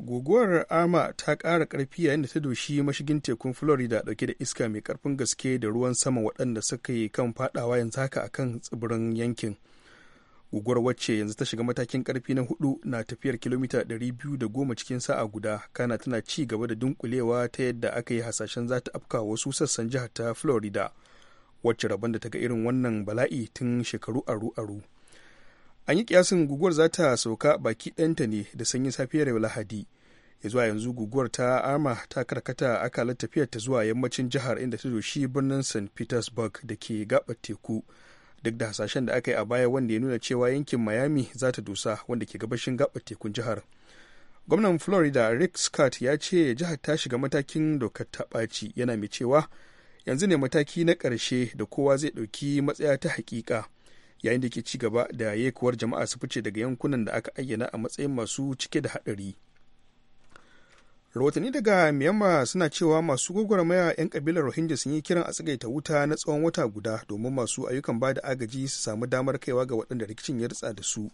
guguwar ama ta ƙara karfi yayin da ta doshi mashigin tekun florida dauke da iska mai karfin gaske da ruwan sama waɗanda suka yi kan fadawa yanzu haka a kan tsibirin yankin guguwar wacce yanzu ta shiga matakin karfi na hudu na tafiyar kilomita 210 cikin sa'a guda kana tana ci gaba da dunkulewa ta yadda aka yi hasashen za ta afka wasu sassan jihar ta florida wacce rabon da ta ga irin wannan bala'i tun shekaru aru-aru an yi kiyasin guguwar za ta sauka baki ɗanta ne da sanyin safiyar lahadi ya zuwa yanzu guguwar ta arma ta karkata akalar tafiyar ta zuwa yammacin jihar inda ta doshi birnin st petersburg da ke gabar teku duk da hasashen da aka yi a baya wanda ya nuna cewa yankin miami za ta dusa wanda ke gabashin gabar tekun jihar gwamnan florida rick scott ya ce jihar ta shiga matakin dokar ta ɓaci yana mai cewa yanzu ne mataki na ƙarshe da kowa zai ɗauki matsaya ta haƙiƙa yayin da ke ci gaba da yekuwar jama'a su fice daga yankunan da aka ayyana a matsayin masu cike da haɗari rahotanni daga miyamma suna cewa masu gwagwarmaya 'yan kabilar rohingya sun yi kiran a tsagaita wuta na tsawon wata guda domin masu ayyukan ba da agaji su samu damar kaiwa ga waɗanda rikicin ya ritsa da su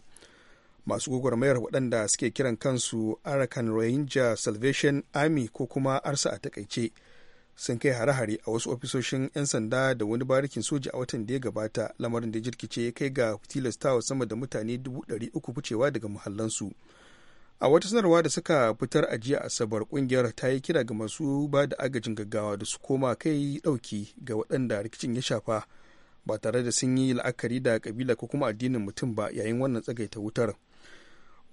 masu gwagwarmayar waɗanda suke kiran kansu arakan rohingya salvation army ko kuma arsa a takaice sun kai hare-hare a wasu ofisoshin 'yan sanda da wani barikin soja a watan da ya gabata lamarin da jirkice ya kai ga tilastawa sama da mutane 300 ficewa daga muhallansu a wata sanarwa da suka fitar a jiya asabar kungiyar ta yi kira ga masu ba da agajin gaggawa da su koma kai dauki ga waɗanda rikicin ya shafa ba tare da sun yi la'akari da kabila ko kuma addinin mutum ba yayin wannan tsagaita wutar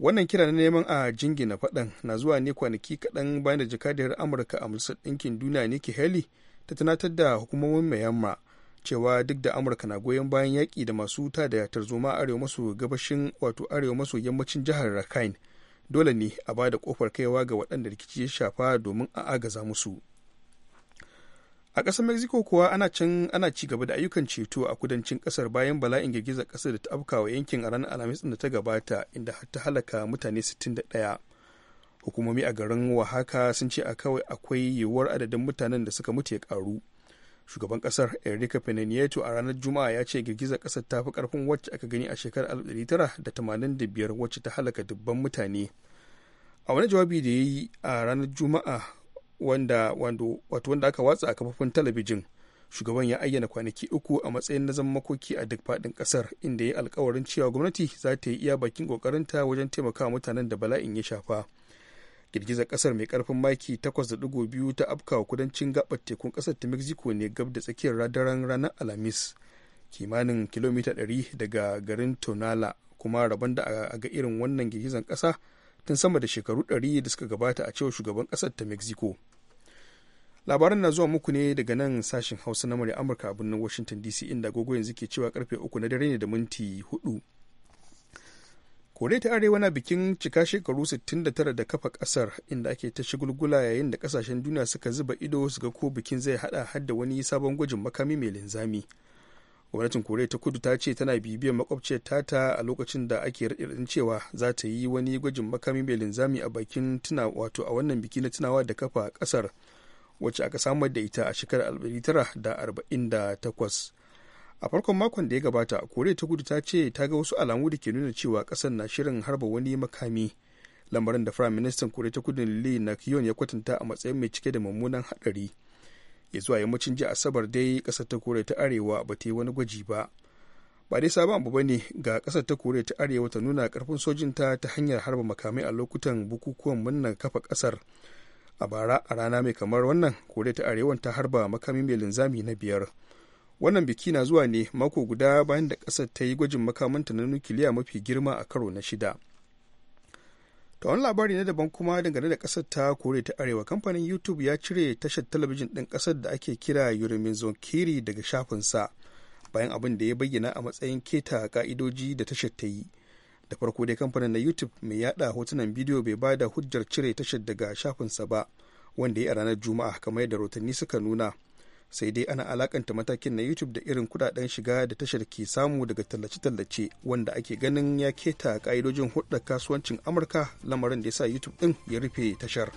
wannan kira na neman a jingina faɗan na zuwa ne kwanaki kaɗan bayan da jakadiyar amurka a majalisar ɗinkin duniya ne nikki heli ta tunatar da hukumomin mayamma cewa duk da amurka na goyon bayan yaƙi da masu ta da tarzoma arewa maso gabashin wato arewa maso yammacin jihar rakhine dole ne a ba da kofar kaiwa ga waɗanda rikici ya shafa domin a agaza musu a ƙasar mexico kuwa ana can ana ci gaba da ayyukan ceto a kudancin ƙasar bayan bala'in girgizar ƙasar da ta afkawa yankin a ranar alhamis da ta gabata inda har ta halaka mutane 61 hukumomi a garin wahaka sun ce a kawai akwai yiwuwar adadin mutanen da suka mutu ya karu shugaban ƙasar enrique pena a ranar juma'a ya ce girgizar kasar ta fi karfin wacce aka gani a shekarar 1985 wacce ta halaka dubban mutane a wani jawabi da ya yi a ranar juma'a wanda wato wanda aka watsa a kafofin talabijin shugaban ya ayyana kwanaki uku a matsayin na zama makoki a duk faɗin ƙasar inda ya yi alkawarin cewa gwamnati za ta yi iya bakin ƙoƙarinta wajen taimakawa mutanen da bala'in ya shafa girgizar ƙasar mai karfin maki 8.2 ta wa kudancin gabar tekun ƙasar ta mexico ne gab da tsakiyar daren ranar alhamis kimanin kilomita 100 daga garin tonala kuma rabon da a ga irin wannan girgizar ƙasa tun sama da shekaru 100 da suka gabata a cewar shugaban ƙasar ta mexico labaran na zuwa muku ne daga nan sashen hausa na murya amurka a birnin washington dc inda agogo yanzu ke cewa karfe uku na dare ne da minti hudu koriya ta arewa na bikin cika shekaru 69 da kafa kasar inda ake ta shigulgula yayin da kasashen duniya suka zuba ido su ga ko bikin zai hada hadda wani sabon gwajin makami mai linzami gwamnatin koriya ta kudu ta ce tana bibiyar makwabciyar tata a lokacin da ake raɗin cewa za ta yi wani gwajin makami mai linzami a bakin tuna wato a wannan biki na tunawa da kafa ƙasar wacce aka samar da ita a shekarar 1948 a farkon makon da ya gabata koreya ta kudu ta ce ta ga wasu alamu da ke nuna cewa ƙasar na shirin harba wani makami lamarin da firayim ministan koriya ta kudu lee nak ya kwatanta a matsayin mai cike da mummunan haɗari ya zuwa yammacin jiya asabar dai kasar ta kore ta arewa ba ta yi wani gwaji ba ba dai sabon abu bane ga kasar ta kore ta arewa ta nuna karfin sojin ta ta hanyar harba makamai a lokutan bukukuwan murnar kafa kasar a bara a rana mai kamar wannan kore ta arewa ta harba makami mai linzami na biyar wannan biki na zuwa ne mako guda bayan da kasar ta yi gwajin makamanta na nukiliya mafi girma a karo na shida ta wani labari na daban kuma dangane da kasar ta kore ta arewa kamfanin youtube ya cire tashar talabijin din kasar da ake kira yurimin zonkiri daga shafinsa bayan abin da ya bayyana a matsayin keta ka'idoji da tashar ta yi da farko dai kamfanin na youtube mai yada hotunan bidiyo bai bada hujjar cire tashar daga shafinsa ba wanda ya a ranar juma'a kamar yadda rahotanni suka nuna sai dai ana alakanta matakin na youtube da irin kudaden shiga da tashar ke samu daga tallace-tallace wanda ake ganin ya keta ka'idojin hudar kasuwancin amurka lamarin da ya sa youtube din ya rufe tashar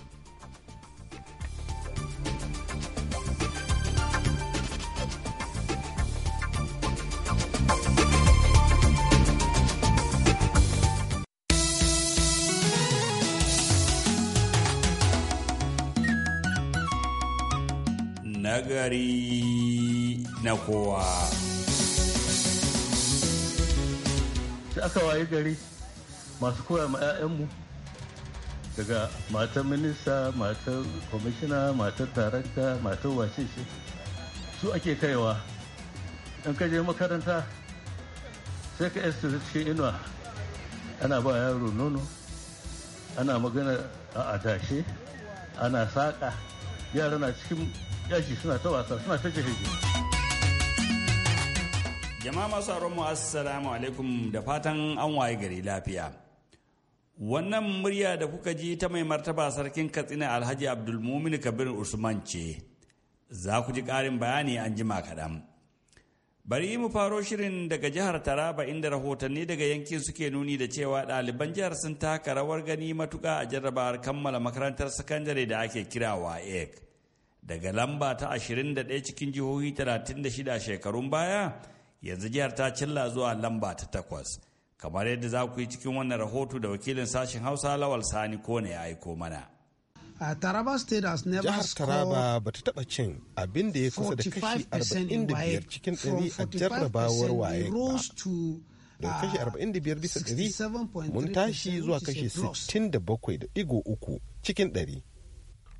gari na kowa sai aka waye gari masu koya ma 'ya'yanmu daga matan minista matan kwamishina matan tarakta matan wace shi su ake kaiwa in ka je makaranta sai ka da cikin inuwa ana ba yaro nono ana magana a adashe ana saƙa yara na cikin yashi suna ta wasa suna ta jihar jama'a masu aron mu assalamu alaikum da fatan an waye gari lafiya wannan murya da kuka ji ta mai martaba sarkin katsina alhaji abdulmumin kabir usman ce za ku ji karin bayani an jima kaɗan Bari mu faro shirin daga jihar Taraba inda rahotanni daga yankin suke nuni da cewa ɗaliban jihar sun taka rawar gani matuka a jarrabawar kammala makarantar sakandare da ake kirawa EK. Daga lamba ta 21 cikin jihohi 36 shekarun baya, yanzu jihar ta cilla zuwa lamba ta takwas. Kamar yadda za ku yi cikin wannan rahoto da wakilin sashen Hausa Lawal Sani Kone ya aiko mana. a Taraba State has never Jihar Taraba ba ta taba cin abin da ya kusa da kashi 45 cikin 100 a jarrabawar waye uh, da kashi 45 bisa 100 mun tashi zuwa kashi 67.3 cikin 100.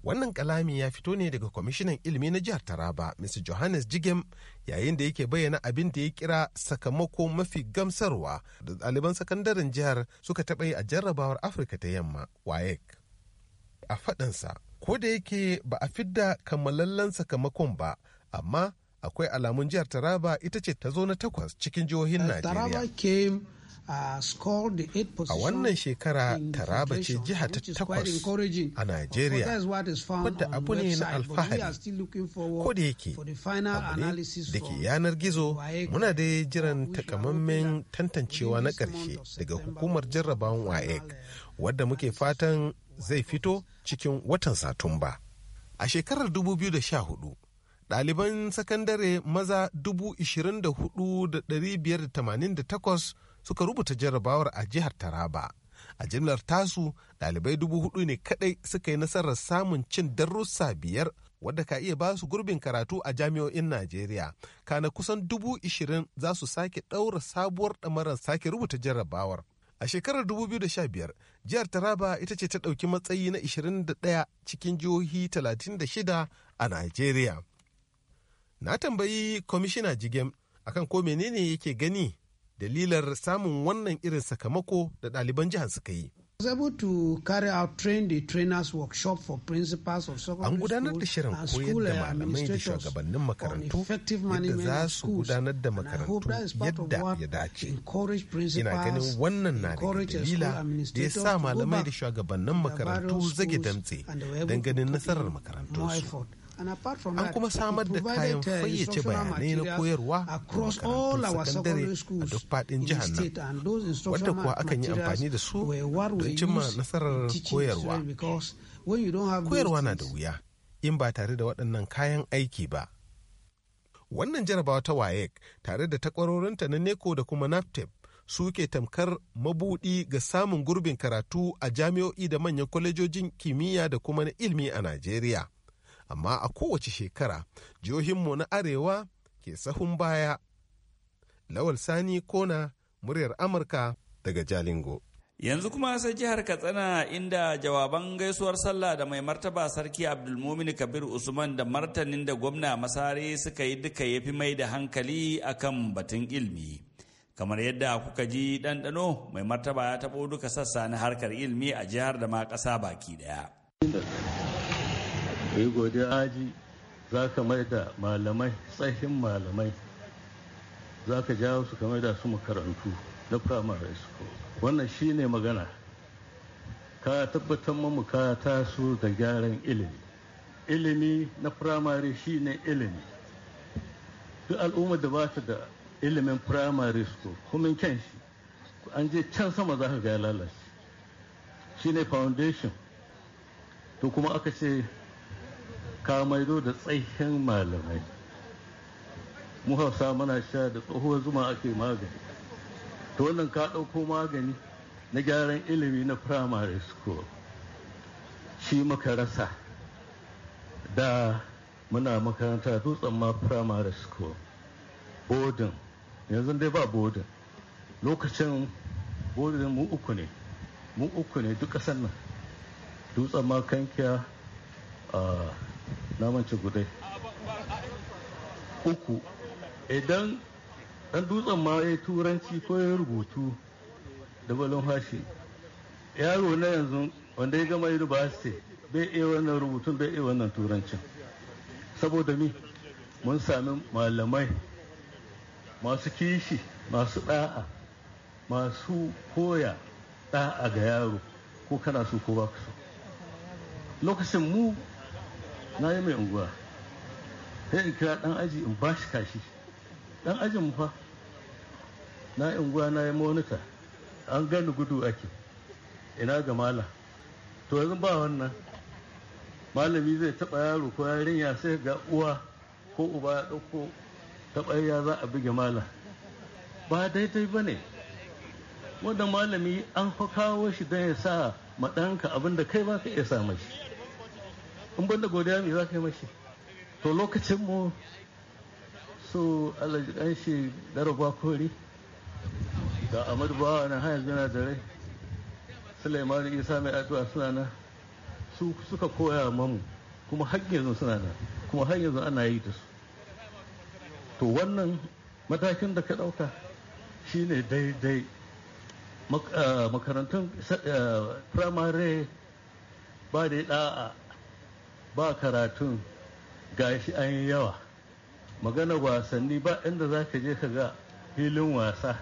Wannan kalami ya fito ne daga kwamishinan ilimi na jihar Taraba, Mr. Johannes Jigem, yayin da yake bayyana abin da ya kira sakamako mafi gamsarwa da ɗaliban sakandaren jihar suka taɓa yi a jarrabawar Afirka ta Yamma, WAEC. a faɗinsa ko da yake ba a fidda kammalallen sakamakon ba amma akwai alamun jihar taraba ita ce ta zo na takwas cikin jihohin eh, najeriya uh, a wannan shekara taraba ce jiha ta takwas a Najeriya wadda abu ne na alfahari ko da yake da ke yanar gizo muna da jiran takamammen tantancewa na ƙarshe daga hukumar jarrabawan WAEC wadda muke fatan zai fito cikin watan Satumba. A shekarar 2014, ɗaliban sakandare maza 24,588 suka rubuta jarabawar a jihar Taraba. A jimlar tasu, ɗalibai dubu hudu ne kaɗai suka yi nasarar samun cin darussa biyar wadda ka iya ba su gurbin karatu a jami'o'in Najeriya. Kana kusan dubu ishirin za su sake ɗaura sabuwar ɗamarar sake rubuta jarrabawar. A shekarar 2015, jihar Taraba ita ce ta ɗauki matsayi na 21 cikin jihohi 36 a Najeriya. Na tambayi kwamishina Jigem akan ko menene yake gani dalilar samun wannan irin sakamako da ɗaliban jihar suka yi. An gudanar da shirin koyar da malamai da shugabannin makarantu yadda za su gudanar da makarantu yadda ya dace. Ina ganin wannan na da dalila da ya sa malamai da shugabannin makarantu zage damtse don ganin nasarar makarantunsu. an kuma samar da kayan uh, fayyace bayanai na koyarwa a sakandare a duk faɗin jihar nan wadda kuwa akan yi amfani da su don cimma nasarar koyarwa koyarwa na da wuya in ba tare da waɗannan kayan aiki ba wannan jarabawa ta wayek tare da takwarorinta na NECO da kuma naptep suke tamkar mabuɗi ga samun gurbin karatu a jami'o'i da manyan kwalejojin kimiyya da kuma na ilmi a najeriya amma a kowace shekara jihohinmu na arewa ke sahun baya lawal sani kona muryar amurka daga jalingo yanzu kuma sai jihar katsina inda jawaban gaisuwar sallah da mai martaba sarki abdulmumin kabir usman da martanin da gwamna masari suka yi duka ya fi mai da hankali akan batun ilmi kamar yadda kuka ji ɗanɗano mai martaba ya taɓo duka sassa na harkar ilmi a jihar da ma ƙasa baki ɗaya. ka yi godiya aji za ka mai da malamai tsahin malamai za ka jawo su kamar da su makarantu na firamare su wannan shi ne magana ka tabbatar mamu ka taso da gyaran ilimi ilimi na firamare shi ne ilimi duk al'umma da ba ta da ilimin firamare su kuma kyan shi an je can sama za ka ga lalace shi ne foundation to kuma aka ce ka maido da tsayin malamai mu hausa muna sha da tsohuwar zuma ake magani to wannan ka ɗauko magani na gyaran ilimi na primary school shi muka rasa da muna makaranta dutsen ma primary school bodin yanzu dai ba bodin lokacin bodin mu uku ne mu uku ne duk ƙasar nan dutsen ma kankiya ah, namance gudai uku idan dan dutsen ma ya turanci ko ya rubutu da balon hashi yaro na yanzu wanda ya gama university bai iya wannan rubutun bai iya wannan turancin saboda mi mun sami malamai masu kishi masu ɗa'a masu koya ɗa'a ga yaro ko kana so ko ba ku so lokacin mu na yi mai unguwa sai in kira dan aji in ba shi kashi dan ajin mu fa na yi unguwa na yi an gani gudu ake ina ga mala to yanzu ba wannan malami zai taba yaro ko yarinya sai ga uwa ko uba ya dauko taɓarya za a buge mala ba daidai ba ne wanda malami an kawo shi don ya sa maɗanka abinda kai ba ka iya sa mashi in ban da godiya me za ka yi mashi to lokacin mu su alhaji dan shi daragwa kori da amadu bawa na hanyar zina da rai suleiman isa mai addu'a suna na su suka koya mamu kuma hanyar yanzu suna na kuma hanyar yanzu ana yi da su to wannan matakin da ka ɗauka shine daidai ah, makarantun firamare eh, ba da da'a ba karatun gashi an yi yawa magana wasanni ba inda za ka je ka ga filin wasa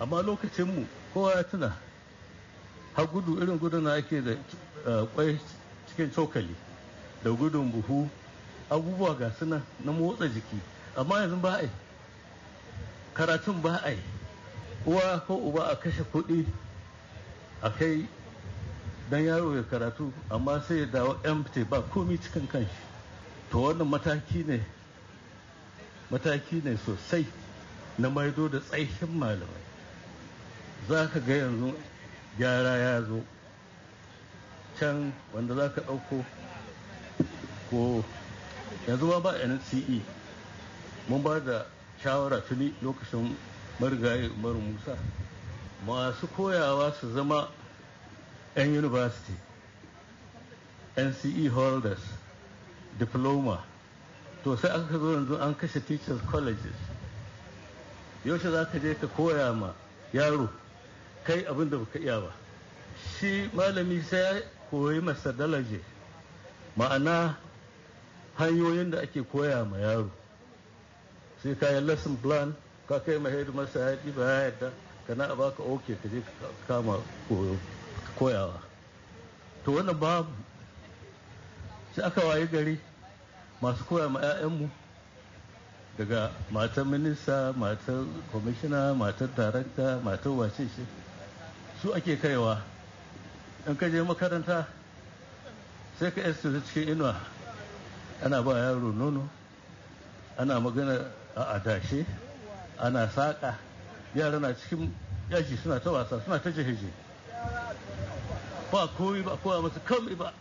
amma lokacinmu kowa ya tuna har gudu irin gudu na ake da eh, kwai cikin cokali da gudun buhu abubuwa ga suna na motsa jiki amma yanzu ba a karatun ba a uwa ko uba a kashe kuɗi a kai dan yaro ya karatu amma sai ya dawo empty ba komi cikin kanshi to wannan mataki ne mataki ne sosai na maido da tsaihin malamai za ka ga yanzu gyara ya zo can wanda za ka ɗauko ko yanzu ba ba nce mun ba da shawara tuni lokacin marigayi umaru musa masu koyawa su zama 'yan university nce holders diploma to sai aka zo yanzu an kashe teachers colleges yaushe za ka je ka koya ma yaro kai abin da baka iya ba shi malami sai ya koyi methodology ma'ana hanyoyin da ake koya ma yaro sai ka yi lesson plan ka kai ma headmaster ya ba ya yadda na a baka ok ka je ka kama koyo koyawa to wannan babu sai aka waye gari masu koya ma 'ya'yanmu daga matan minista matan kwamishina matan darakta matan wace shi su ake kaiwa in ka je makaranta sai ka yasta cikin inuwa ana ba yaro nono ana magana a adashe ana saƙa yara na cikin yaji suna ta wasa suna ta jihe ba komai ba koya masa komai ba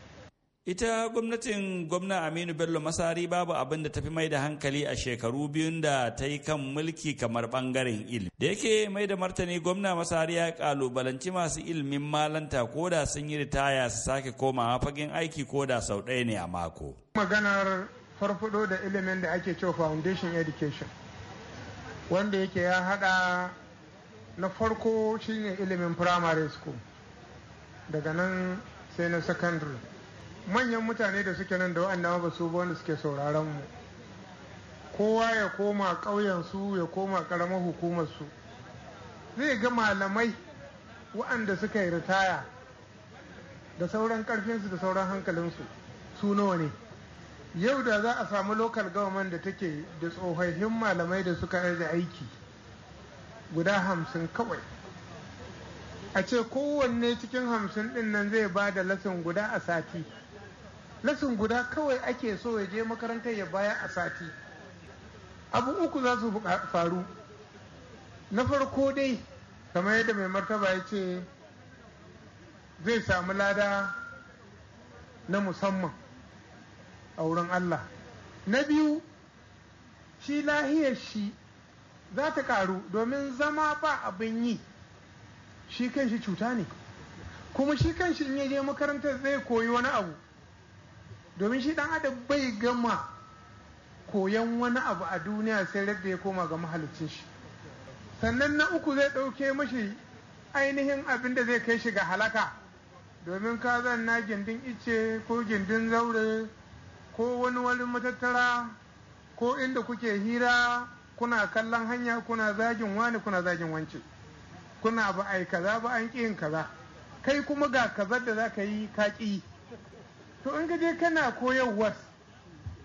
ita gwamnatin gwamna aminu bello masari babu abin da tafi mai da hankali a shekaru biyun da ta yi kan mulki kamar bangaren ilmi da yake mai da martani gwamna masari ya kalubalanci masu ilimin malanta ko da sun yi ritaya su sake komawa fagen aiki ko da sau ɗaya ne a mako maganar farfado da ilimin da ake cewa foundation education wanda yake ya hada na farko shine ilimin primary school daga nan sai na secondary manyan mutane da suke nan da wa'anda ba su wanda suke sauraron mu kowa ya koma ƙauyensu ya koma ƙaramar hukumarsu zai ga malamai wa'anda suka yi ritaya da sauran ƙarfinsu da sauran hankalinsu su nawa ne yau da za a samu local government da take da tsohaihin malamai da suka da aiki guda hamsin kawai a ce kowanne cikin hamsin ɗin nan zai ba da lasin guda a sati lasin guda kawai ake so ya je makarantar ya baya a sati abu uku za su faru na farko dai kamar yadda mai martaba ya ce zai samu lada na musamman a wurin Allah na biyu shi lahiyar shi za ta karu domin zama ba abin yi shi kanshi cuta ne kuma shi kanshi in ya je makarantar zai koyi wani abu domin shi dan adam bai gama koyan wani abu a duniya sai da ya koma ga mahalicin shi sannan na uku zai ɗauke mashi ainihin abin da zai kai shi ga halaka domin ka na gindin ice ko gindin zaure ko wani wani matattara ko inda kuke hira kuna kallon hanya kuna zagin wani kuna zagin wance kuna ba a yi kaza ba an ƙi kaza kai kuma ga kaza da za ka yi ka ƙi to in ga je kana koyarwar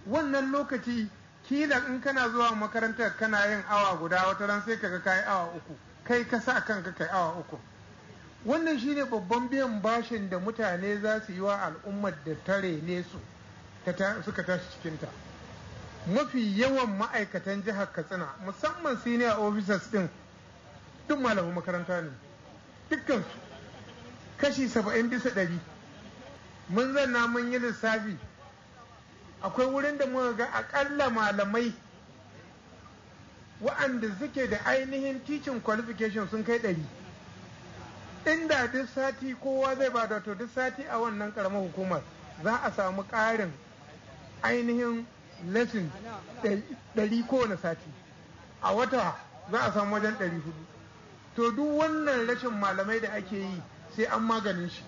wannan lokaci kila in kana zuwa makarantar kana yin awa guda wata ran sai kaga kai awa uku kai ka sa kanka kai awa uku wannan shine babban biyan bashin da mutane za su yi wa al'ummar da tare ne su suka tashi ta mafi yawan ma'aikatan jihar katsina musamman senior officers din duk malamin makaranta ne dukkansu kashi saba'in bisa ɗari mun zanna mun yi lissafi akwai wurin da muka ga akalla malamai wa'anda suke da ainihin teaching qualification sun kai ɗari inda duk sati kowa zai ba to duk sati a wannan karamar hukumar za a samu ƙarin ainihin lesson ɗari kowane sati a wata za a samu wajen ɗari hudu to duk wannan rashin malamai da ake yi sai an maganin shi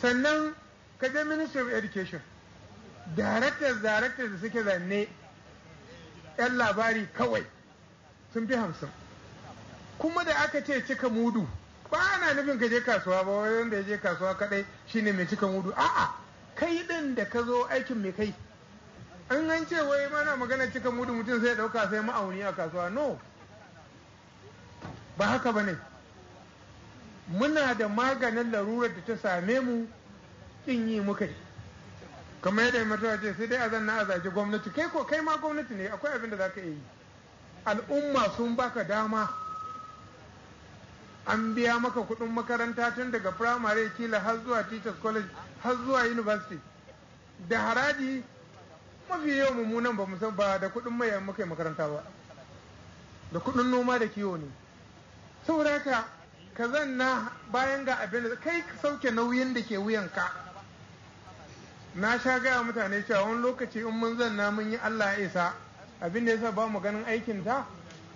sannan kaje ministry of education directors directors da suke zanne yan labari kawai sun fi hamsin kuma da aka ce cika mudu ba ana nufin ka je kasuwa ba wanda ya je kasuwa kadai shine mai cika mudu a'a kai din da ka zo aikin mai kai an an ce wai mana magana cika mudu mutum sai dauka sai ma'auni a kasuwa no ba haka ba ne muna da maganin larurar da ta same mu in yi muka yi kamar yadda mutuwa ce sai dai a zanna a zaki gwamnati kai ko kai ma gwamnati ne akwai abin da za ka yi al'umma sun baka dama an biya maka kudin makaranta tun daga firamare kila har zuwa teachers college har zuwa university da haraji mafi yawan mummunan ba ba da kudin mai muka makaranta ba da kudin noma da kiwo ne saboda haka ka zanna bayan ga abin da kai sauke nauyin da ke wuyanka na sha gaya mutane cewa wani lokaci in mun zanna mun yi Allah ya isa abin da yasa ba mu ganin aikin ta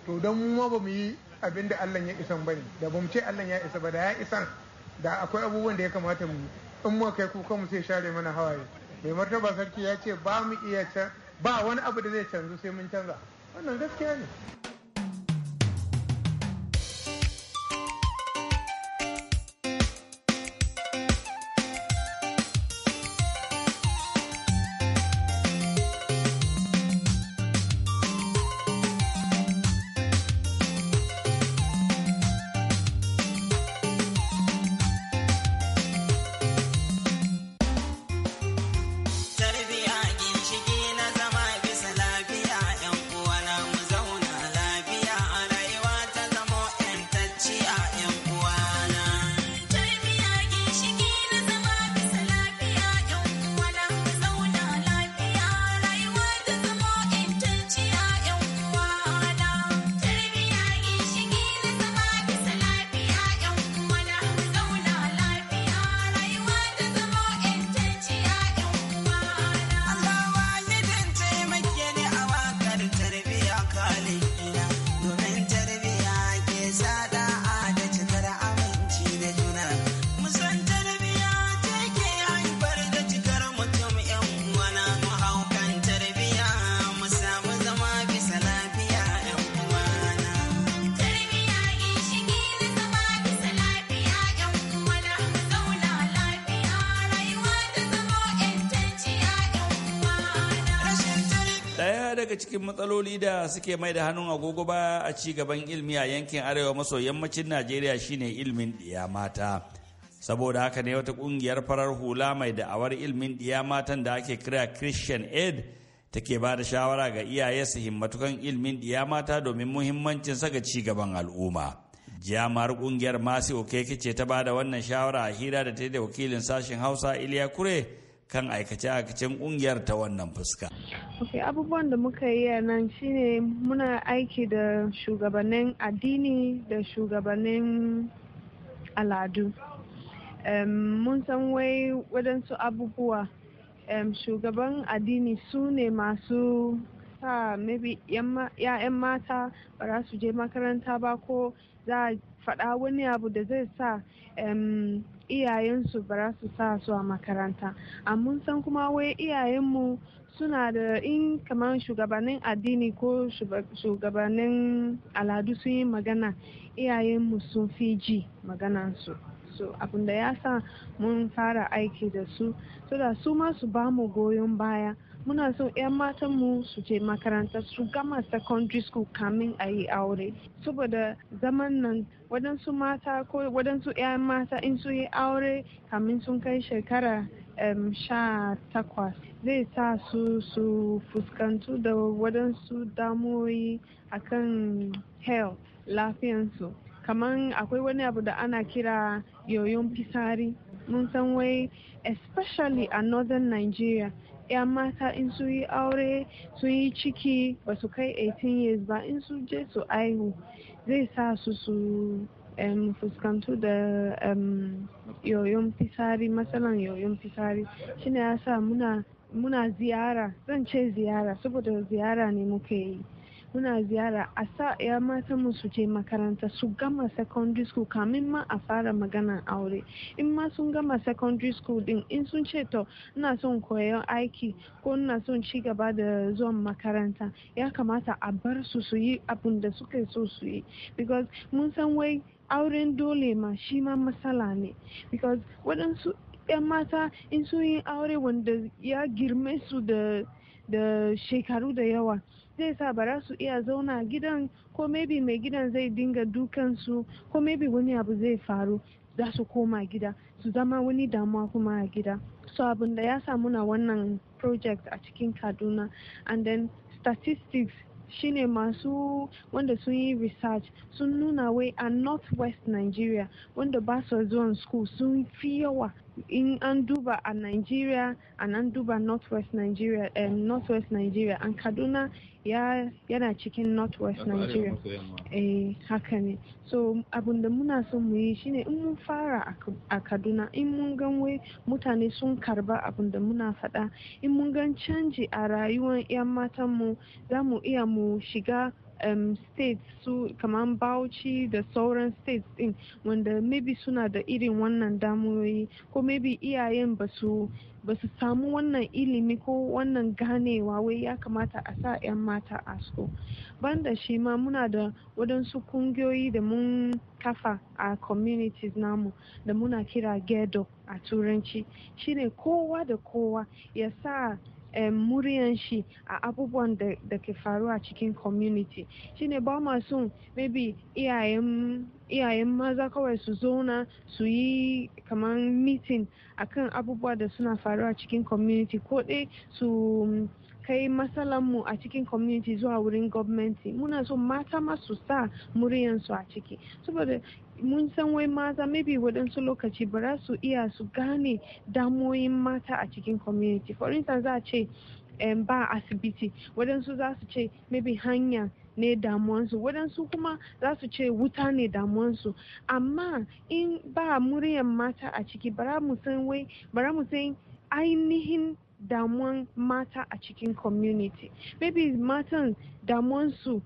to don mu ma ba mu yi abin da Allah ya isan bane da ba mu ce Allah ya isa ba da ya isan da akwai abubuwan da ya kamata mu in mu kai kuka mu sai share mana hawaye mai martaba sarki ya ce ba mu iya ba wani abu da zai canzu sai mun canza wannan gaskiya ne daga cikin matsaloli da suke mai da hannun agogo ba a ci gaban ilmi a yankin arewa maso yammacin Najeriya shine ilmin ɗiya mata. Saboda haka ne wata ƙungiyar farar hula mai da'awar ilmin ɗiya matan da ake kira Christian Aid take ba da shawara ga iyaye su himmatukan ilmin ɗiya mata domin muhimmancin ga ci gaban al'umma. jami'ar ƙungiyar Masi Okeke ce ta ba da wannan shawara a hira da ta da wakilin sashen Hausa Iliya Kure kan aikace-aikacen kungiyar ta wannan fuska. Okay, abubuwan da muka yi a nan shine muna aiki da shugabannin addini da shugabannin aladu. mun san wai wadansu abubuwa shugaban addini su ne masu sa maybe ya'yan mata ba su je makaranta ba ko za a faɗa wani abu da zai sa um, iyayensu ba su sa su a makaranta amma san kuma wai iyayenmu suna da in kamar shugabannin addini ko shugabannin aladu sun yi magana iyayenmu sun fi ji maganansu so abinda ya sa mun fara aiki da su so da su ma su ba mu goyon baya muna so 'yan matan mu su je makaranta su gama secondary school kamin a yi aure saboda zaman nan waɗansu mata ko waɗansu 'yan mata in su yi aure kamin sun kai shekara sha takwas zai sa su su fuskantu da waɗansu damuwoyi akan health lafiyansu kamar akwai wani abu da ana kira yoyon fisari mun san wai especially a northern nigeria 'yan mata in su yi aure su yi ciki ba su kai 18 years ba in su je su aihu zai sa su su um, fuskantu da um, yoyon fisari matsalan yoyon fisari ne ya sa muna ziyara zan ce ziyara saboda ziyara ne muka yi muna ziyara a sa ya mata su je makaranta su gama secondary school kamin ma a fara maganan aure in ma sun gama secondary school din in sun ce to ina son koyon aiki ko ina son ci gaba da zuwan makaranta ya kamata a bar su su yi abin da suka so su yi because mun san wai auren dole ma shi ma matsala ne because waɗansu 'yan mata in sun yi aure wanda ya girme su da shekaru da yawa zai sa ba za su iya zauna gidan ko maybe mai gidan zai dinga dukansu ko maybe wani abu zai faru za su koma gida su zama wani damuwa kuma a gida so abin da ya samu na wannan project a cikin kaduna and then statistics shine masu wanda sun yi research sun nuna wai a northwest nigeria wanda ba su zuwan school sun fi yawa in an duba a Nigeria a an duba Northwest Nigeria um, Northwest Nigeria an Kaduna ya yana cikin Northwest Nigeria eh haka ne so abinda muna son mu yi shine in mun fara a Kaduna in mun gan wai mutane sun karba abunda muna faɗa in mun gan canji a rayuwar 'yan matanmu za mu iya mu shiga um, states su kamar bauchi da sauran states din wanda maybe suna da irin wannan damuwoyi ko maybe iyayen ba su samu wannan ilimi ko wannan ganewa wai ya kamata a sa 'yan mata a so banda shi ma muna da waɗansu kungiyoyi da mun kafa a communities namu da muna kira ghetto a turanci shine kowa da kowa ya sa Eh, muryan shi a abubuwan da ke faruwa cikin community shine ba ma son maybe iyayen maza kawai su zauna su yi kamar meeting akan abubuwa da suna faruwa cikin community ko dai su kai mu a cikin community zuwa wurin gwamnati muna so mata ma su sa muryansu a ciki saboda mun san wai mata maybe waɗansu lokaci ba za su iya su gane damoyin mata a cikin community for instance za a ce ba asibiti waɗansu za su ce maybe hanya ne damuwansu waɗansu kuma za su ce wuta ne damuwansu amma in ba muryan mata a ciki bara mu san wai bara mu san ainihin damuwan mata a cikin community maybe matan damuwan su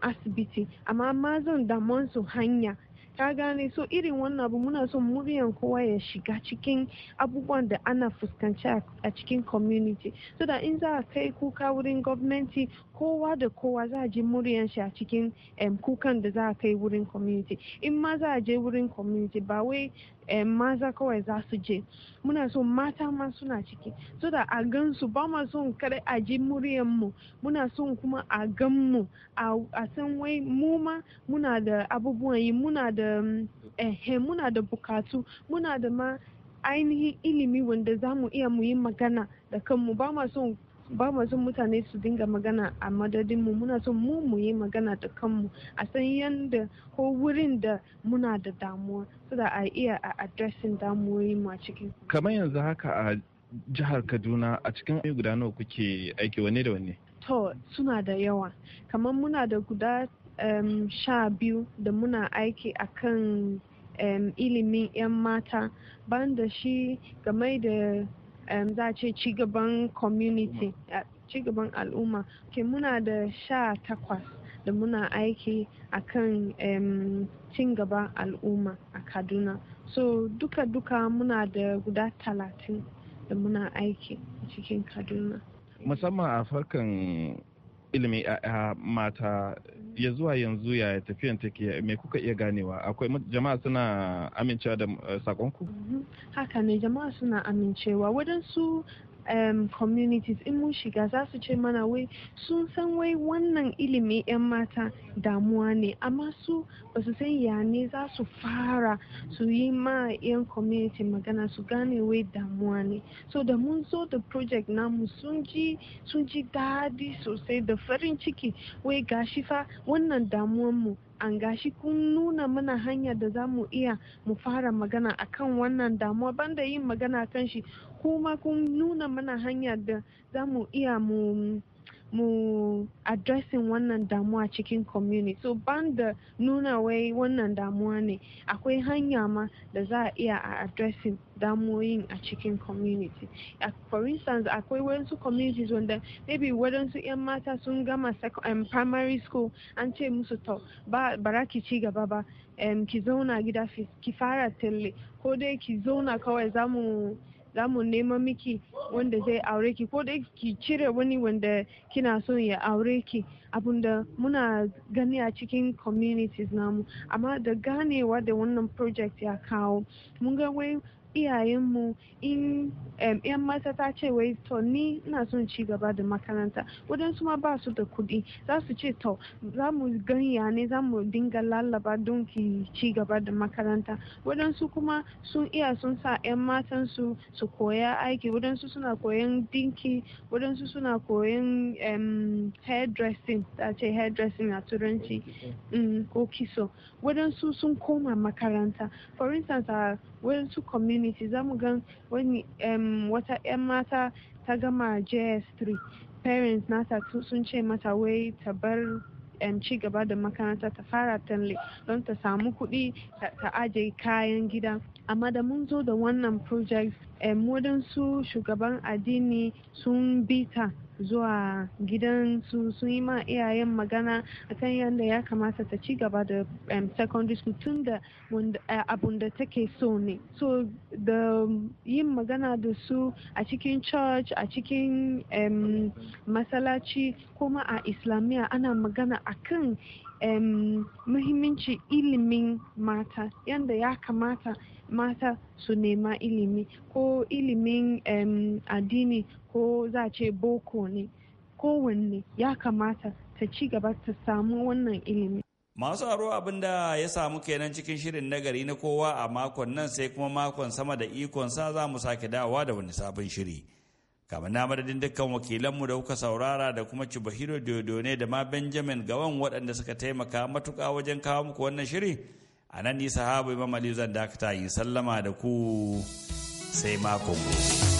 asibiti amma mazan su hanya ka gane so irin wannan abu muna son muryan kowa ya shiga cikin abubuwan da ana fuskanci a cikin community so da in za a kai kuka wurin gwamnati kowa da kowa za a ji muryan shi a cikin kukan da za a kai wurin community in ma za a je wurin community ba wai maza kawai za su je muna so mata ma suna ciki so da a gan su ba ma son kare a ji muryan mu muna son kuma a gan mu a san wai mu ma muna da abubuwan yi muna da Um, ehe muna da bukatu muna da ma ainihin ilimi wanda za mu iya mu yi magana da kanmu ba ma son mutane su dinga magana a madadin mu muna son mu mu yi magana da kanmu a san yadda ko wurin da muna da damuwa so da a iya a addressing damuwoyin a cikin kamar yanzu haka a jihar Kaduna a cikin guda nawa kuke aiki wanne da wanne to suna da yawa kamar muna da guda um, sha biyu da muna aiki a kan ilimin 'yan mata ban da shi game da um, za ce cigaban community cigaban al'umma ke muna da sha takwas da muna aiki a kan um, cigaban al'umma a kaduna so duka-duka muna da guda talatin da muna aiki a cikin kaduna musamman a farkan ilimin 'ya'ya mata ya zuwa yanzu ya tafiyan take mai kuka iya ganewa akwai jama'a suna amincewa da eh, sakonku mm-hmm. haka ne jama'a suna amincewa wadansu um, communities in mun shiga za su ce mana wai sun san wai wannan ilimi 'yan mata damuwa ne amma su ba su san ya ne za su fara su yi ma 'yan community magana su gane wai damuwa ne so da mun zo da project namu sun ji sun ji daɗi sosai da farin ciki wai gashi fa wannan damuwan mu an gashi kun nuna mana hanyar da za mu iya mu fara magana kan wannan damuwa banda yin magana kan shi kuma kun nuna mana hanyar da za mu iya mu mu addressing wannan damuwa cikin community so banda nuna wai wannan damuwa ne akwai hanya ma da za a iya a addressing damuwoyin a cikin community for instance akwai waɗansu communities wanda maybe waɗansu 'yan mata sun gama um, primary school an ce musu to ba bara ki ci gaba ba um, ki zauna gida ki fara talle ko dai ki zauna kawai zamu. za mu nema miki wanda zai aure ki ko dai ki cire wani wanda kina so ya aure ki abinda muna gani a cikin communities namu amma da ganewa da wannan project ya kawo mun ga wai iyayenmu in yan mata ta ce wai to ni ina son ci gaba da makaranta wadansu ma ba su da kuɗi za su ce to za mu ganya ne za mu dinga lallaba don ki ci gaba da makaranta wadansu kuma sun iya sun sa yan matan su su koya aiki wadansu suna koyan dinki wadansu suna koyan hairdressing ta ce hairdressing a turanci ko kiso mm, wadansu sun koma makaranta for instance wurin community za mu gan wani wata 'yan mata ta gama js3 parents nata sun ce mata wai ta bar um, ci gaba da makaranta ta fara tanle don ta samu kuɗi ta aje kayan gida amma da mun zo da wannan project um, wadansu shugaban addini sun bita zuwa gidansu sun yi ma iyayen magana akan yadda ya kamata ta ci gaba da secondary school tun da eh, abun da take so ne so da yin magana da su a cikin church a cikin masalaci kuma a islamiyya ana magana akan muhimmanci ilimin mata yadda ya kamata mata su nema ilimi ko ilimin um, addini ko za ce boko ne kowanne ya kamata ta ci gaba ta samu wannan ilimi masu aro abin da ya samu kenan cikin shirin nagari na kowa a makon nan sai kuma makon sama da ikon sa za mu sake dawowa da wani sabon shiri kamar na madadin dukkan wakilanmu da kuka saurara da kuma cibahiro ne da ma benjamin gawan waɗanda suka taimaka matuka wajen kawo muku wannan shiri a nan ni sahabu imam aliyu zan dakata yi sallama da ku sai makon gobe.